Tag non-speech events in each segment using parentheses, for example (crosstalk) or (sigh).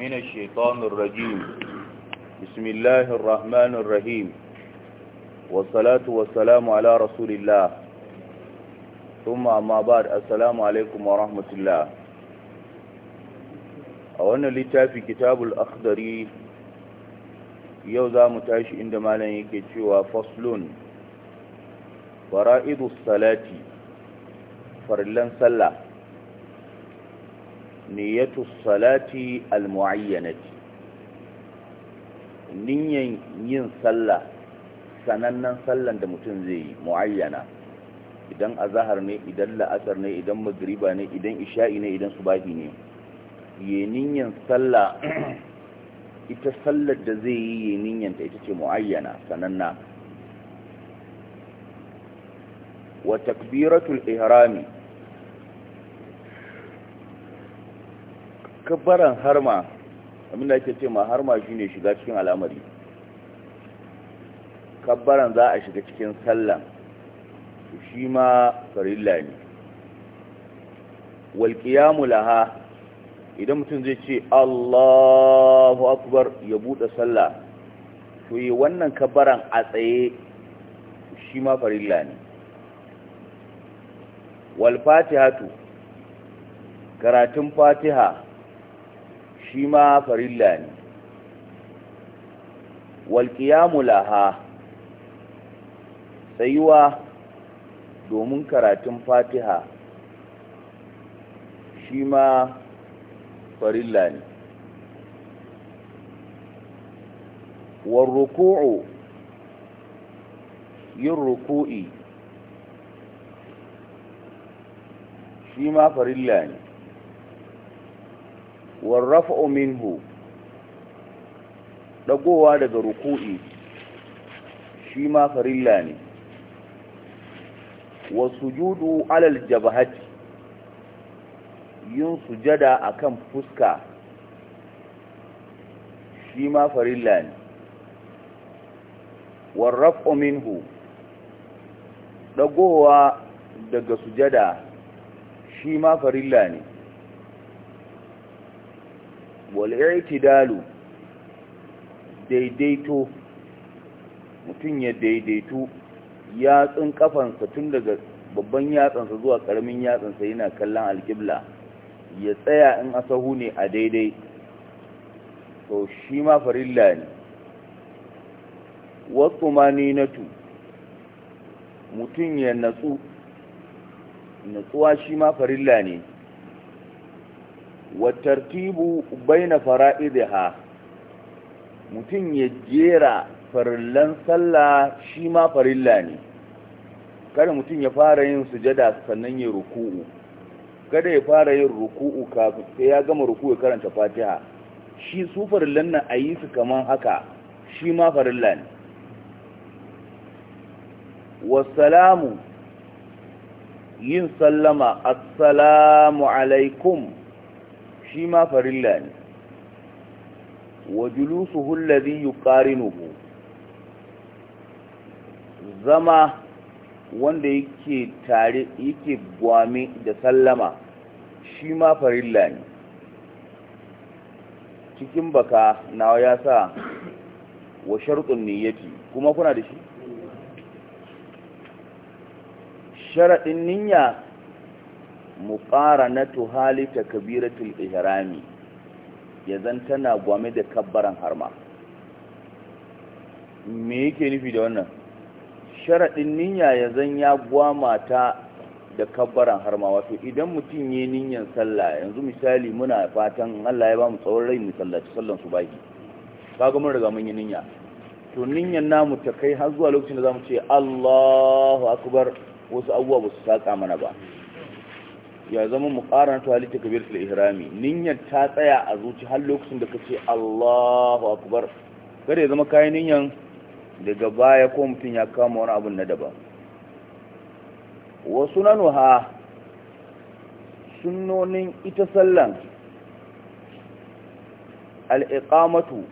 من الشيطان الرجيم بسم الله الرحمن الرحيم والصلاة والسلام على رسول الله ثم أما بعد السلام عليكم ورحمة الله أولا لتافي كتاب الأخضري يوزا متعش عندما لا يكتشوا فصل فرائض الصلاة فرلن صلاه niyatu salati almu'ayyanati niyan yin sallah sanannen sallan da mutum zai yi mu'ayyana idan azahar ne idan la'asar ne idan magriba ne idan isha'i ne idan subahi ne ye niyan sallah (clears throat) ita sallar da zai yi ye niyanta ita ce mu'ayyana sananna wa takbiratul ihrami kabbaran harma abinda ake ce ma harma shine shiga cikin al'amari kabbaran za a shiga cikin sallan shi ma farilla ne wal laha idan mutum zai ce Allahu akbar ya buɗe sallah to yi wannan kabbaran a tsaye shi ma farilla ne wal fatihatu karatun fatiha shi ma farilla ne walƙiyamu laha tsayuwa domin karatun fatiha shi ma farilla ne warruku'u yin ruku'i shi ma farilla ne warrafa'u minhu dagowa daga ruku'i shi ma farilla ne wasujudu alal jabhati yin sujada akan fuska shi ma farilla ne warraf'u minhu dagowa daga sujada shi ma farilla ne wal'irtidalu daidaito mutum ya daidaito yatsun kafansa tun daga babban yatsansa zuwa karamin yatsansa yana kallon alkibla ya tsaya in asahu ne a daidai to shi ma farilla ne wasu mani na tu mutum ya natsu natsuwa shi ma farilla ne watartibu baina fara'idha mutum ya jera farillan sallah shi ma farilla ne kada mutum ya fara yin sujada sannan ya ruku'u kada ya fara yin ruku'u kafin sai ya gama ruku'u karanta fatiha shi su farillan nan ayi su kaman haka shi ma farilla ne salamu yin sallama assalamu alaikum shi ma farilla ne wa julusuhu alladhi yuqarinuhu zama wanda yake tare yake gwame da sallama shi ma farilla ne cikin baka nawa ya sa wa sharɗin niyyati kuma kuna da shi sharaɗin niyya muqaranatu hali takbiratul ihrami yazan tana gwame da kabbaran harma me yake nufi da wannan sharadin niyya zan ya gwama da kabbaran harma wato idan mutum yayin niyyan sallah yanzu misali muna fatan Allah ya ba mu tsawon rai mu sallaci sallan baki kaga mun riga mun yi niyya to niyyar namu ta kai har zuwa lokacin da zamu ce Allahu akbar wasu abubuwa ba su saka mana ba ya zama muqarana to halitta fil ihrami niyyar ta tsaya a zuci har lokacin da kace Allahu akbar kada ya zama kai niyyan daga baya ko mutun ya kama wani abu na daban wa sunanuha sunnonin ita sallan al-iqamatu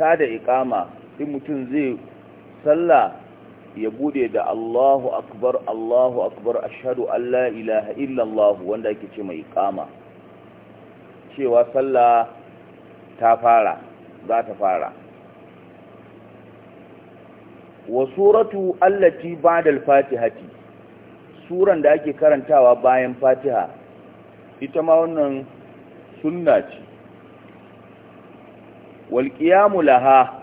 ta da iqama in mutun zai sallah ya bude da Allahu akbar Allahu akbar ashhadu an la ilaha illallah wanda yake ce mai kama cewa sallah ta fara za ta fara wa suratu allati ba'da al-fatihati suran da ake karantawa bayan fatiha ita ma wannan sunna ce wal qiyamu laha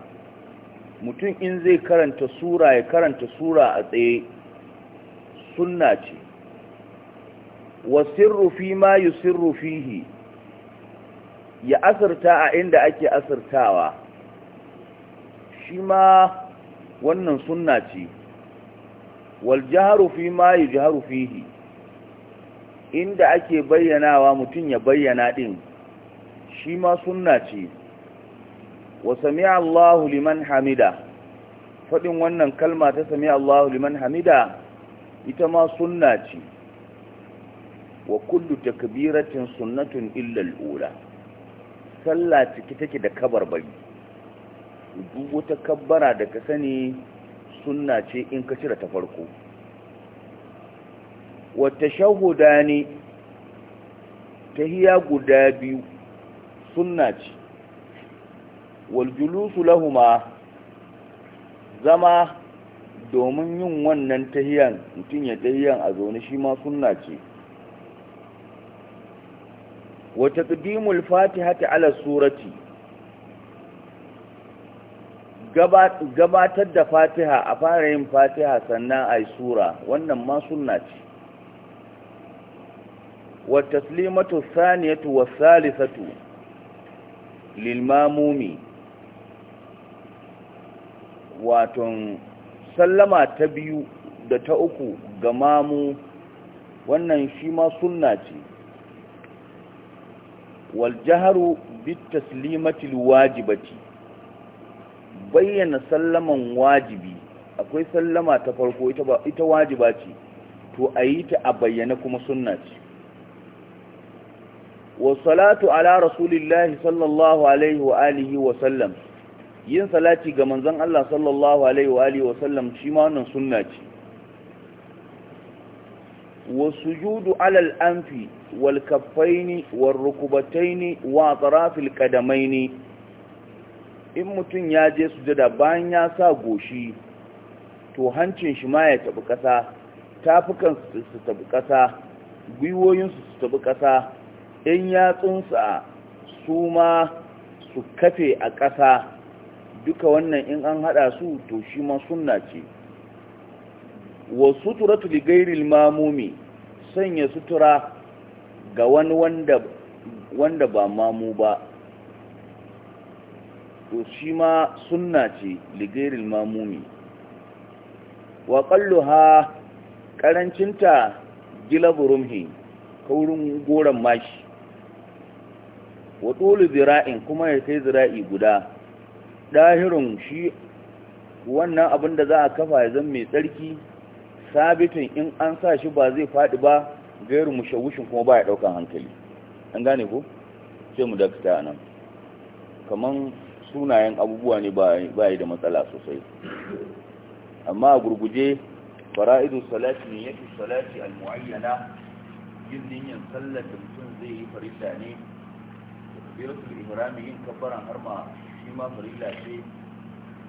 mutum in zai karanta sura ya karanta sura a tsaye sunna ce wasirru fi ma yusirru fihi ya asirta a inda ake asirtawa shi ma wannan sunna ce wal jaharu fi ma yujharu fihi inda ake bayyanawa mutum ya bayyana din shi ma sunna ce wa sami Allahu liman hamida fadin wannan kalma ta sami Allahu liman hamida ita ma sunna ce wa kullu takbiratin sunnatun illal al-ula sallah ciki take da kabar bari, duk wata kabbara da ka sani sunna ce in ka cire ta farko Wata wa ta tahiya guda biyu sunna ce wal julusu lahuma zama domin yin wannan tahiyan mutum ya tahiyan a zaune shi ma sunna ce wa taqdimul fatihati ala surati gabatar da fatiha a fara yin fatiha sannan ai sura wannan ma sunna ce wa taslimatu thaniyatu was salisatu lil mamumi waton sallama ta biyu da ta uku ga mamu wannan shi ma sunna ce wal jaharu bit wajibati bayyana sallaman wajibi akwai sallama ta farko ita ba wajiba ce to ayi ta a bayyana kuma sunna ce wa salatu ala rasulillahi sallallahu alaihi wa alihi wa sallam yin salati ga manzon Allah sallallahu alaihi wa alihi wa sallam shi ma wannan sunna ce wa sujudu ala al-anfi wal kaffaini wal rukubataini wa atrafil qadamaini in mutum ya je sujada bayan ya sa goshi to hancin shi ma ya tabi kasa tafukan su tabi kasa gwiwoyin su tabi kasa in yatsunsa su ma su kafe a ƙasa duka wannan in an haɗa su to shi ma sunna ce wa suturatu li ghairil mamumi sanya sutura ga wani wanda wanda ba mamu ba to shi ma sunna ce li ghairil mamumi wa qalluha karancinta gilaburumhi kaurin goran mashi wa dole zira'in kuma ya kai zira'i guda ɗahirun shi wannan abin da za a kafa ya zama mai tsarki sabitin in an sa shi ba zai faɗi ba gairu mushawushin kuma ba ya ɗaukan hankali an gane ko ce mu dakta a nan Kamar sunayen abubuwa ne ba yi da matsala sosai amma a gurguje fara'idu salati ne yake salati al-mu'ayyana yin niyyar sallar da mutum zai yi farisa ne da da Ibrahim yin kabbaran har shi ma farilla ce